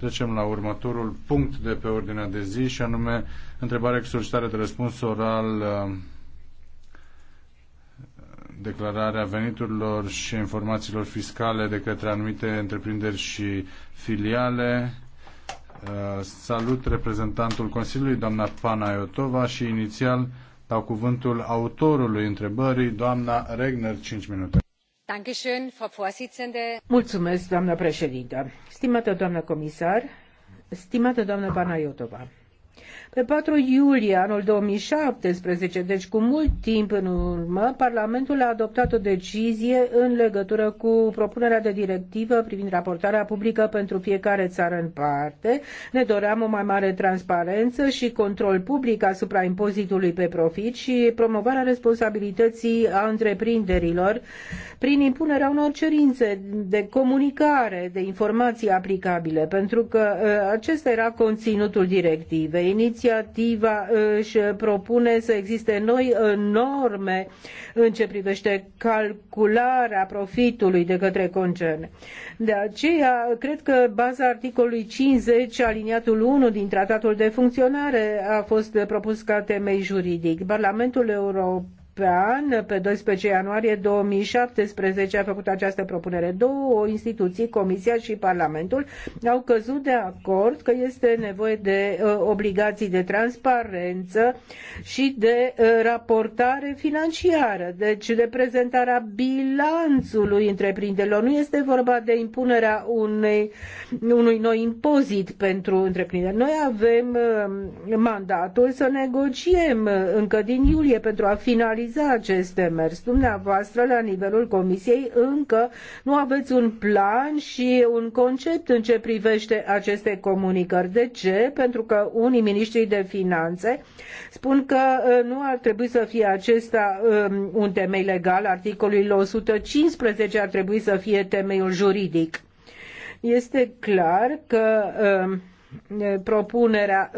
Trecem la următorul punct de pe ordinea de zi și anume întrebare cu solicitare de răspuns oral uh, declararea veniturilor și informațiilor fiscale de către anumite întreprinderi și filiale. Uh, salut reprezentantul Consiliului, doamna Pana Iotova și inițial dau cuvântul autorului întrebării, doamna Regner, 5 minute. Mulțumesc, doamnă președintă. Stimată doamnă comisar, stimată doamnă Panayotova, pe 4 iulie anul 2017, deci cu mult timp în urmă, Parlamentul a adoptat o decizie în legătură cu propunerea de directivă privind raportarea publică pentru fiecare țară în parte. Ne doream o mai mare transparență și control public asupra impozitului pe profit și promovarea responsabilității a întreprinderilor prin impunerea unor cerințe de comunicare, de informații aplicabile, pentru că uh, acesta era conținutul directivei. Inițiativa uh, își propune să existe noi uh, norme în ce privește calcularea profitului de către concerne. De aceea, cred că baza articolului 50, aliniatul 1 din Tratatul de Funcționare a fost propus ca temei juridic. Parlamentul European European pe 12 ianuarie 2017 a făcut această propunere. Două instituții, Comisia și Parlamentul, au căzut de acord că este nevoie de uh, obligații de transparență și de uh, raportare financiară, deci de prezentarea bilanțului întreprinderilor. Nu este vorba de impunerea unei, unui noi impozit pentru întreprinderi. Noi avem uh, mandatul să negociem uh, încă din iulie pentru a finaliza analiza acest demers. Dumneavoastră, la nivelul Comisiei, încă nu aveți un plan și un concept în ce privește aceste comunicări. De ce? Pentru că unii miniștri de finanțe spun că uh, nu ar trebui să fie acesta um, un temei legal, articolul 115 ar trebui să fie temeiul juridic. Este clar că uh, propunerea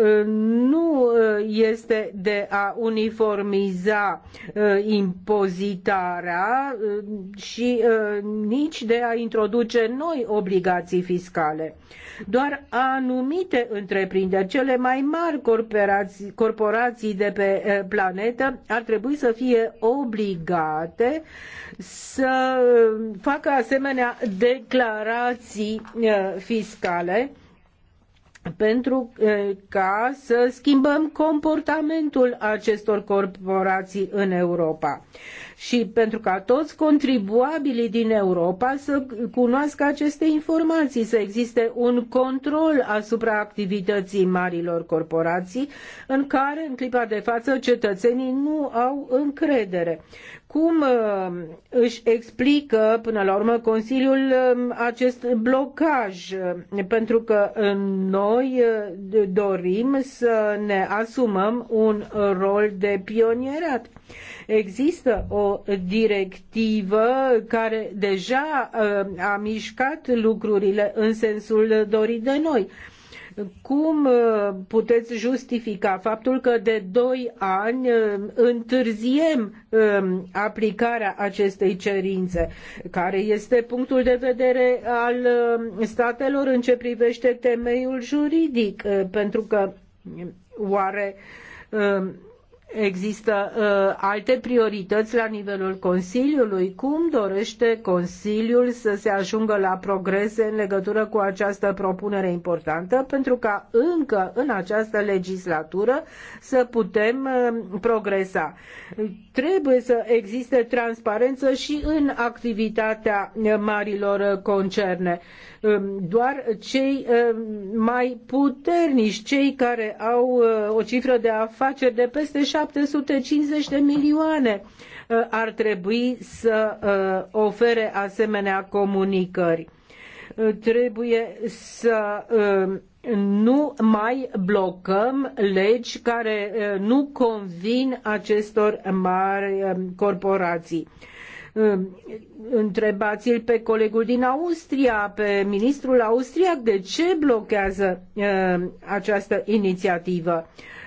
nu este de a uniformiza impozitarea și nici de a introduce noi obligații fiscale. Doar anumite întreprinderi, cele mai mari corporații, corporații de pe planetă, ar trebui să fie obligate să facă asemenea declarații fiscale pentru ca să schimbăm comportamentul acestor corporații în Europa și pentru ca toți contribuabilii din Europa să cunoască aceste informații, să existe un control asupra activității marilor corporații în care în clipa de față cetățenii nu au încredere cum uh, își explică până la urmă Consiliul um, acest blocaj? Pentru că noi uh, dorim să ne asumăm un rol de pionierat. Există o directivă care deja uh, a mișcat lucrurile în sensul dorit de noi. Cum uh, puteți justifica faptul că de doi ani uh, întârziem um, aplicarea acestei cerințe? Care este punctul de vedere al um, statelor în ce privește temeiul juridic? Uh, pentru că um, oare Există uh, alte priorități la nivelul Consiliului. Cum dorește Consiliul să se ajungă la progrese în legătură cu această propunere importantă pentru ca încă în această legislatură să putem uh, progresa? Trebuie să existe transparență și în activitatea marilor concerne. Um, doar cei um, mai puternici, cei care au uh, o cifră de afaceri de peste 750 de milioane uh, ar trebui să uh, ofere asemenea comunicări. Uh, trebuie să nu mai blocăm legi care nu convin acestor mari corporații întrebați-l pe colegul din Austria, pe ministrul austriac, de ce blochează această inițiativă.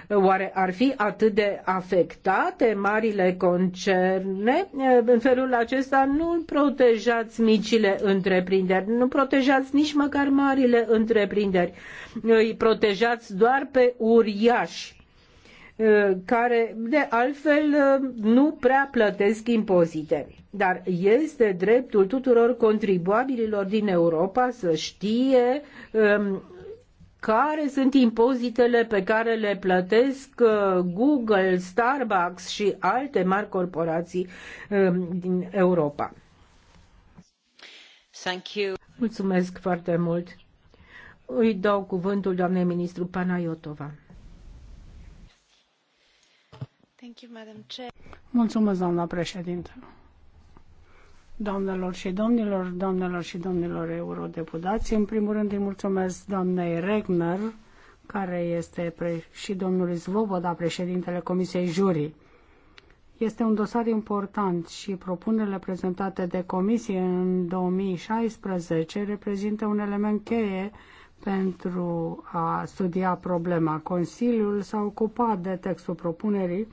Oare ar fi atât de afectate marile concerne? În felul acesta nu protejați micile întreprinderi, nu protejați nici măcar marile întreprinderi. Îi protejați doar pe uriași care de altfel nu prea plătesc impozite. Dar este dreptul tuturor contribuabililor din Europa să știe um, care sunt impozitele pe care le plătesc uh, Google, Starbucks și alte mari corporații um, din Europa. Thank you. Mulțumesc foarte mult. Îi dau cuvântul doamnei ministru Panayotova. Thank you, Madam Chair. Mulțumesc, doamna președintă. Doamnelor și domnilor, doamnelor și domnilor eurodeputați, în primul rând îi mulțumesc doamnei Regner, care este și domnului Zvoboda, președintele Comisiei Jurii. Este un dosar important și propunerile prezentate de comisie în 2016 reprezintă un element cheie pentru a studia problema. Consiliul s-a ocupat de textul propunerii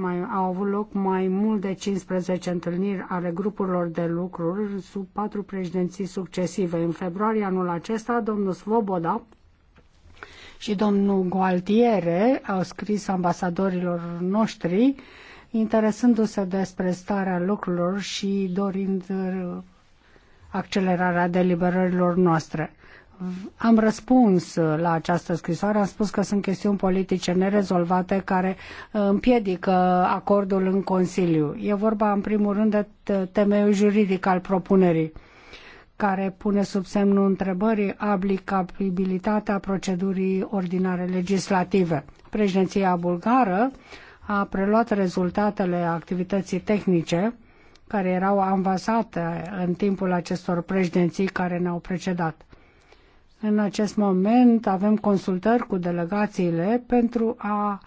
mai, au avut loc mai mult de 15 întâlniri ale grupurilor de lucruri sub patru președinții succesive. În februarie anul acesta, domnul Svoboda și domnul Gualtiere au scris ambasadorilor noștri interesându-se despre starea lucrurilor și dorind uh, accelerarea deliberărilor noastre am răspuns uh, la această scrisoare, am spus că sunt chestiuni politice nerezolvate care uh, împiedică acordul în Consiliu. E vorba în primul rând de temeiul juridic al propunerii care pune sub semnul întrebării aplicabilitatea procedurii ordinare legislative. Președinția bulgară a preluat rezultatele activității tehnice care erau avansate în timpul acestor președinții care ne-au precedat. În acest moment avem consultări cu delegațiile pentru a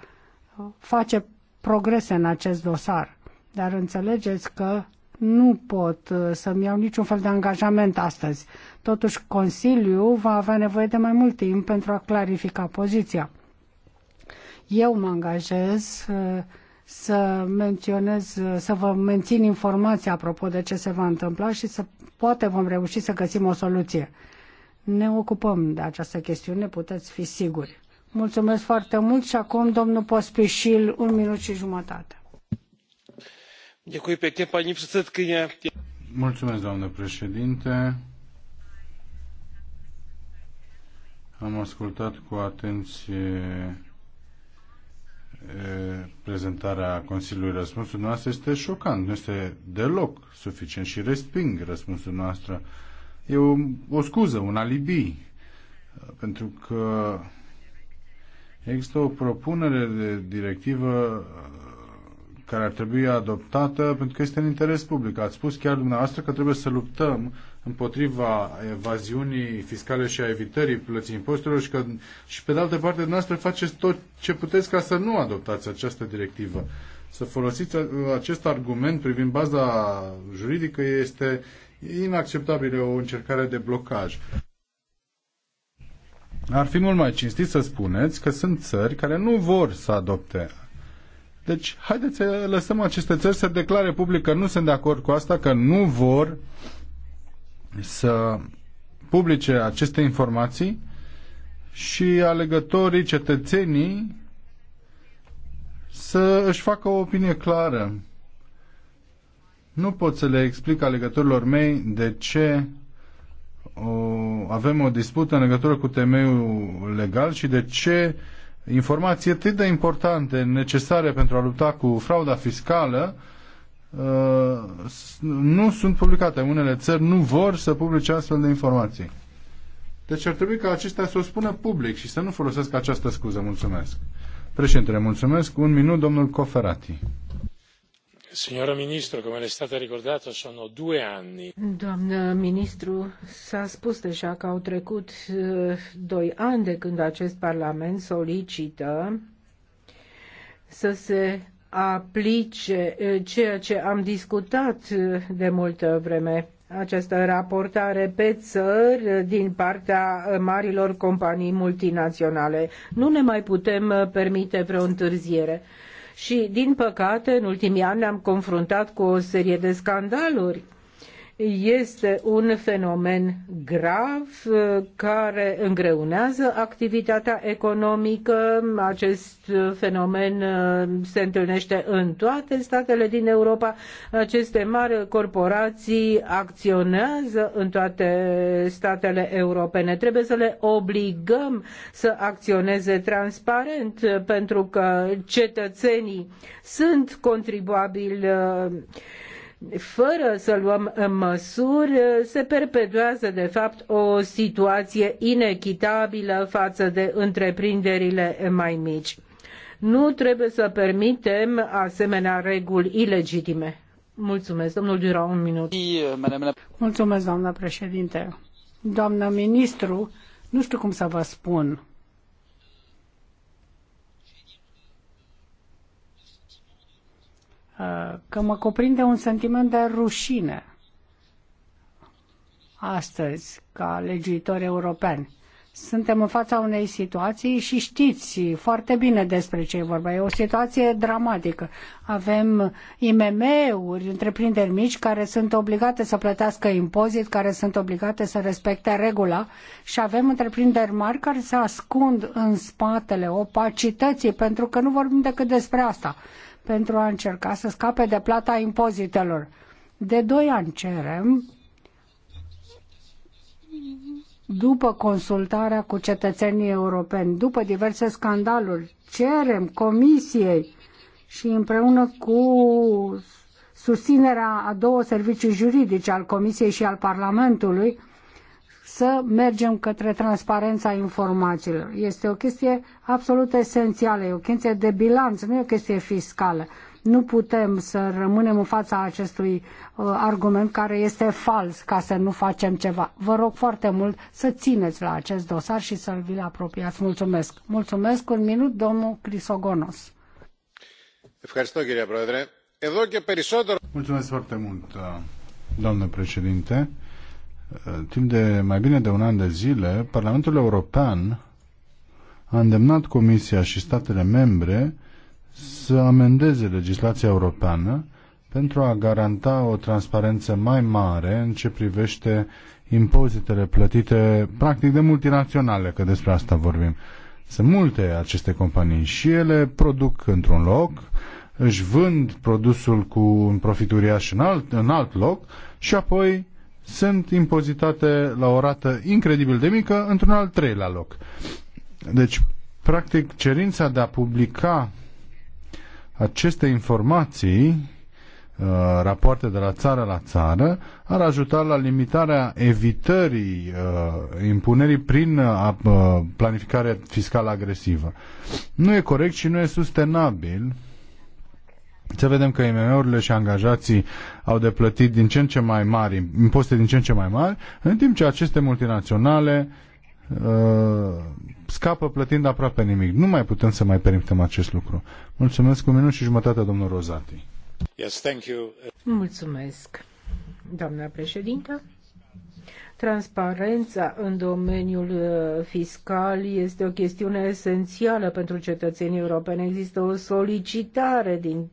face progrese în acest dosar. Dar înțelegeți că nu pot uh, să-mi iau niciun fel de angajament astăzi. Totuși, Consiliul va avea nevoie de mai mult timp pentru a clarifica poziția. Eu mă angajez uh, să menționez, uh, să vă mențin informația apropo de ce se va întâmpla și să poate vom reuși să găsim o soluție ne ocupăm de această chestiune, puteți fi siguri. Mulțumesc foarte mult și acum domnul Pospișil, un minut și jumătate. Mulțumesc, doamnă președinte. Am ascultat cu atenție prezentarea Consiliului răspunsul noastră este șocant, nu este deloc suficient și resping răspunsul noastră e o, o scuză, un alibi, pentru că există o propunere de directivă uh, care ar trebui adoptată pentru că este în interes public. Ați spus chiar dumneavoastră că trebuie să luptăm împotriva evaziunii fiscale și a evitării plății impozitelor și că și pe de altă parte dumneavoastră faceți tot ce puteți ca să nu adoptați această directivă. Să folosiți uh, acest argument privind baza juridică este uh, inacceptabilă o încercare de blocaj. Ar fi mult mai cinstit să spuneți că sunt țări care nu vor să adopte. Deci, haideți să lăsăm aceste țări să declare public că nu sunt de acord cu asta, că nu vor să publice aceste informații și alegătorii, cetățenii să își facă o opinie clară. Nu pot să le explic alegătorilor mei de ce o, avem o dispută în legătură cu temeiul legal și de ce informații atât de importante, necesare pentru a lupta cu frauda fiscală, uh, nu sunt publicate. Unele țări nu vor să publice astfel de informații. Deci ar trebui ca acestea să o spună public și să nu folosesc această scuză. Mulțumesc. Președintele, mulțumesc. Un minut, domnul Coferati. Signora Ministru, come le state ricordato, sono due anni. Doamnă ministru, s-a spus deja că au trecut eh, doi ani de când acest Parlament solicită să se aplice eh, ceea ce am discutat eh, de multă vreme această raportare pe țări din partea marilor companii multinaționale. Nu ne mai putem permite vreo întârziere și, din păcate, în ultimii ani ne-am confruntat cu o serie de scandaluri este un fenomen grav uh, care îngreunează activitatea economică. Acest uh, fenomen uh, se întâlnește în toate statele din Europa. Aceste mari corporații acționează în toate statele europene. Trebuie să le obligăm să acționeze transparent pentru că cetățenii sunt contribuabili fără să luăm măsuri, se perpetuează de fapt o situație inechitabilă față de întreprinderile mai mici. Nu trebuie să permitem asemenea reguli ilegitime. Mulțumesc, domnul Dura, un minut. Euh, Mulțumesc, doamna președinte. Doamna ministru, nu știu cum să vă spun. Uh, că mă cuprinde un sentiment de rușine astăzi, ca legiuitor european. Suntem în fața unei situații și știți foarte bine despre ce e vorba. E o situație dramatică. Avem IMM-uri, întreprinderi mici, care sunt obligate să plătească impozit, care sunt obligate să respecte regula și avem întreprinderi mari care se ascund în spatele opacității, pentru că nu vorbim decât despre asta pentru a încerca să scape de plata impozitelor. De doi ani cerem, după consultarea cu cetățenii europeni, după diverse scandaluri, cerem comisiei și împreună cu susținerea a două servicii juridice, al Comisiei și al Parlamentului, să mergem către transparența informațiilor. Este o chestie absolut esențială, e o chestie de bilanț, nu e o chestie fiscală. Nu putem să rămânem în fața acestui uh, argument care este fals ca să nu facem ceva. Vă rog foarte mult să țineți la acest dosar și să-l vi-l apropiați. Mulțumesc. Mulțumesc. Un minut, domnul Crisogonos. Mulțumesc foarte mult, uh, domnule președinte. Uh, timp de mai bine de un an de zile, Parlamentul European a îndemnat Comisia și statele membre să amendeze legislația europeană pentru a garanta o transparență mai mare în ce privește impozitele plătite practic de multinaționale, că despre asta vorbim. Sunt multe aceste companii și ele produc într-un loc, își vând produsul cu un profit uriaș în alt, în alt loc și apoi sunt impozitate la o rată incredibil de mică într-un al treilea loc. Deci, practic, cerința de a publica aceste informații, uh, rapoarte de la țară la țară, ar ajuta la limitarea evitării uh, impunerii prin uh, planificare fiscală agresivă. Nu e corect și nu e sustenabil să vedem că IMM-urile și angajații au de plătit din ce în ce mai mari, impozite din ce în ce mai mari, în timp ce aceste multinaționale uh, scapă plătind aproape nimic. Nu mai putem să mai permitem acest lucru. Mulțumesc cu minut și jumătate, domnul Rozati. Yes, thank you. Mulțumesc, doamna președintă. Transparența în domeniul uh, fiscal este o chestiune esențială pentru cetățenii europeni. Există o solicitare din,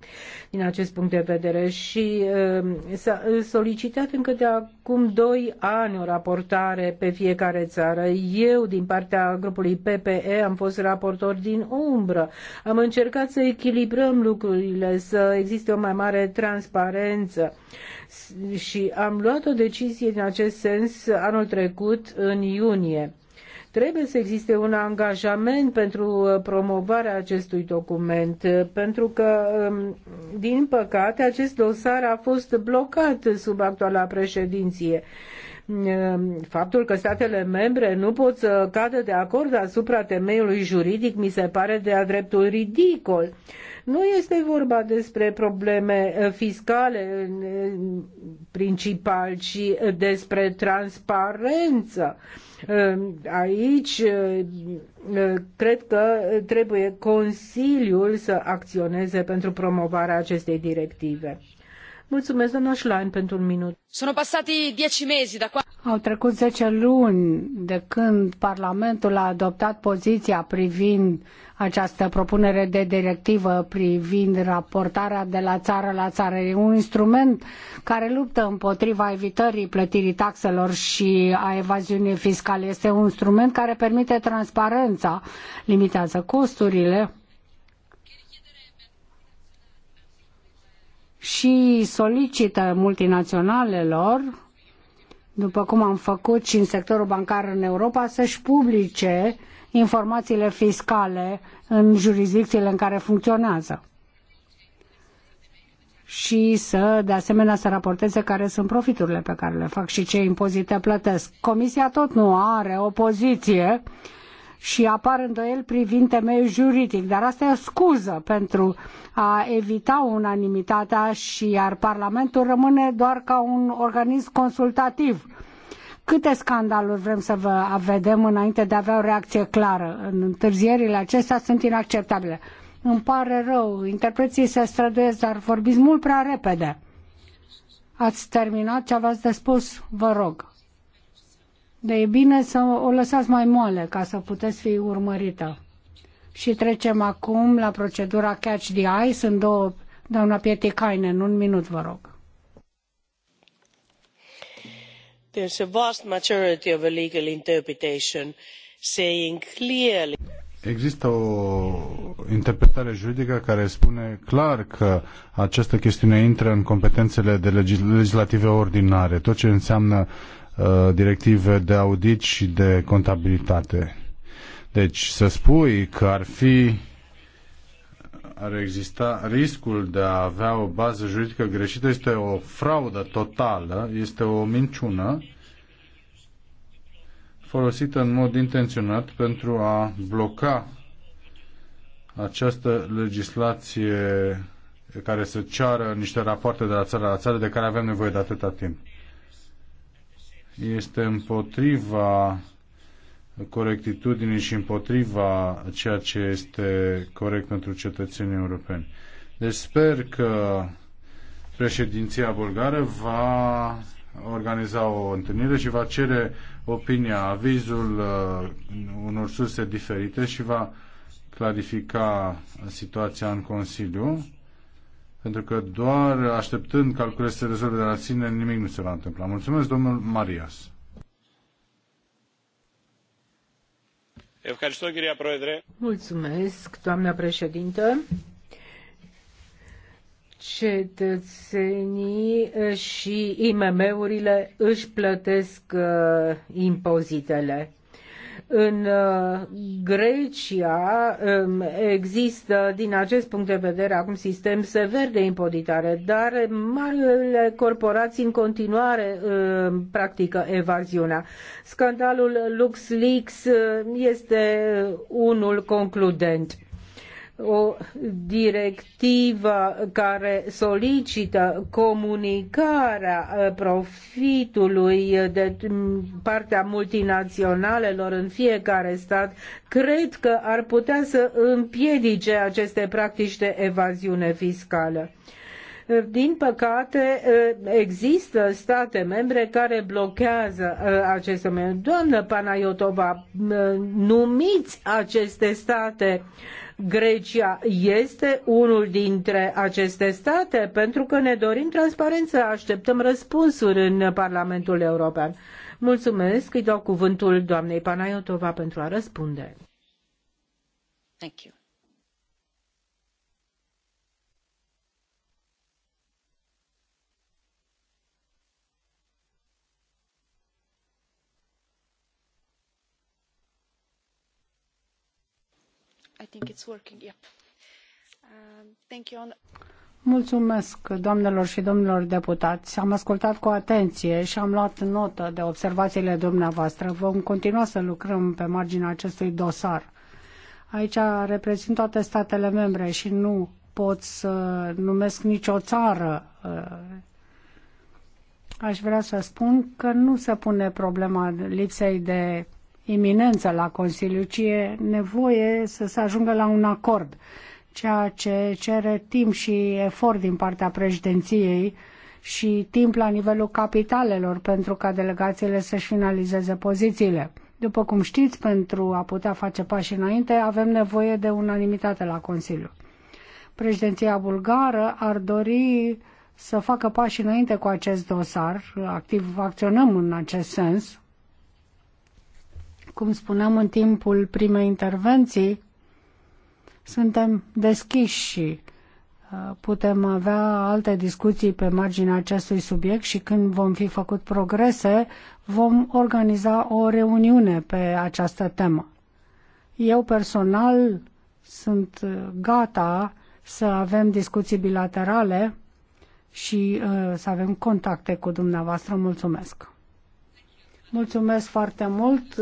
din acest punct de vedere și um, s-a uh, solicitat încă de acum doi ani o raportare pe fiecare țară. Eu, din partea grupului PPE, am fost raportor din umbră. Am încercat să echilibrăm lucrurile, să existe o mai mare transparență și am luat o decizie în acest sens anul trecut în iunie. Trebuie să existe un angajament pentru uh, promovarea acestui document, uh, pentru că, um, din păcate, acest dosar a fost blocat sub actuala președinție um, faptul că statele membre nu pot să cadă de acord asupra temeiului juridic mi se pare de-a dreptul ridicol. Nu este vorba despre probleme eh, fiscale în eh, principal, ci eh, despre transparență. Aici cred că trebuie Consiliul să acționeze pentru promovarea acestei directive. Mulțumesc, doamna Schlein, pentru un minut. Sono passati dieci mesi da quando... Au trecut zece luni de când Parlamentul a adoptat poziția privind această propunere de directivă privind raportarea de la țară la țară. E un instrument care luptă împotriva evitării plătirii taxelor și a evaziunii fiscale. Este un instrument care permite transparența, limitează costurile și solicită multinaționalelor, după cum am făcut și în sectorul bancar în Europa, să-și publice informațiile fiscale în jurisdicțiile în care funcționează și să, de asemenea, să raporteze care sunt profiturile pe care le fac și ce impozite plătesc. Comisia tot nu are o poziție uh, și apar îndoieli privind temeiul juridic, dar asta e o scuză pentru a evita unanimitatea și iar Parlamentul rămâne doar ca un organism consultativ. Câte scandaluri vrem să vă vedem înainte de a avea o reacție clară? În întârzierile acestea sunt inacceptabile. Îmi pare rău, interpreții se străduiesc, dar vorbiți mult prea repede. Ați terminat ce aveați de spus? Vă rog de e bine să o lăsați mai moale ca să puteți fi urmărită. Și trecem acum la procedura Catch the Eye. Sunt două, doamna în un minut vă rog. There's a vast majority of a legal interpretation saying clearly Există o interpretare juridică care spune clar că această chestiune intră în competențele de legislative ordinare. Tot ce înseamnă Uh, directive de audit și de contabilitate. Deci să spui că ar fi ar exista riscul de a avea o bază juridică greșită este o fraudă totală, este o minciună folosită în mod intenționat pentru a bloca această legislație care să ceară niște rapoarte de la țară la țară de care avem nevoie de atâta timp este împotriva corectitudinii și împotriva ceea ce este corect pentru cetățenii europeni. Deci sper că președinția bulgară va organiza o întâlnire și va cere opinia, avizul uh, unor surse diferite și va clarifica situația în Consiliu pentru că doar așteptând ca lucrurile să se rezolve de la sine, nimic nu se va întâmpla. Mulțumesc, domnul Marias. Mulțumesc, doamna președintă. Cetățenii și IMM-urile își plătesc uh, impozitele în uh, Grecia um, există, din acest punct de vedere, acum sistem sever de impozitare, dar marile corporații în continuare um, practică evaziunea. Scandalul LuxLeaks uh, este uh, unul concludent o directivă care solicită comunicarea uh, profitului de partea multinaționalelor în fiecare stat, cred că ar putea să împiedice aceste practici de evaziune fiscală. Uh, din păcate, uh, există state membre care blochează acest moment. Doamnă Panayotova, numiți aceste state Grecia este unul dintre aceste state pentru că ne dorim transparență, așteptăm răspunsuri în Parlamentul European. Mulțumesc, îi dau cuvântul doamnei Panayotova pentru a răspunde. Thank you. Uh, Mulțumesc doamnelor și domnilor deputați. Am ascultat cu atenție și am luat notă de observațiile dumneavoastră. Vom continua să lucrăm pe marginea acestui dosar. Aici reprezint toate statele membre și nu pot să numesc nicio țară. Aș vrea să spun că nu se pune problema lipsei de iminență la Consiliu, ci e nevoie să se ajungă la un acord, ceea ce cere timp și efort din partea președinției și timp la nivelul capitalelor pentru ca delegațiile să-și finalizeze pozițiile. După cum știți, pentru a putea face pași înainte, avem nevoie de unanimitate la Consiliu. Președinția bulgară ar dori să facă pași înainte cu acest dosar, activ acționăm în acest sens, cum spuneam în timpul primei intervenții, suntem deschiși și uh, putem avea alte discuții pe marginea acestui subiect și când vom fi făcut progrese, vom organiza o reuniune pe această temă. Eu personal sunt uh, gata să avem discuții bilaterale și uh, să avem contacte cu dumneavoastră. Mulțumesc! Mulțumesc foarte mult!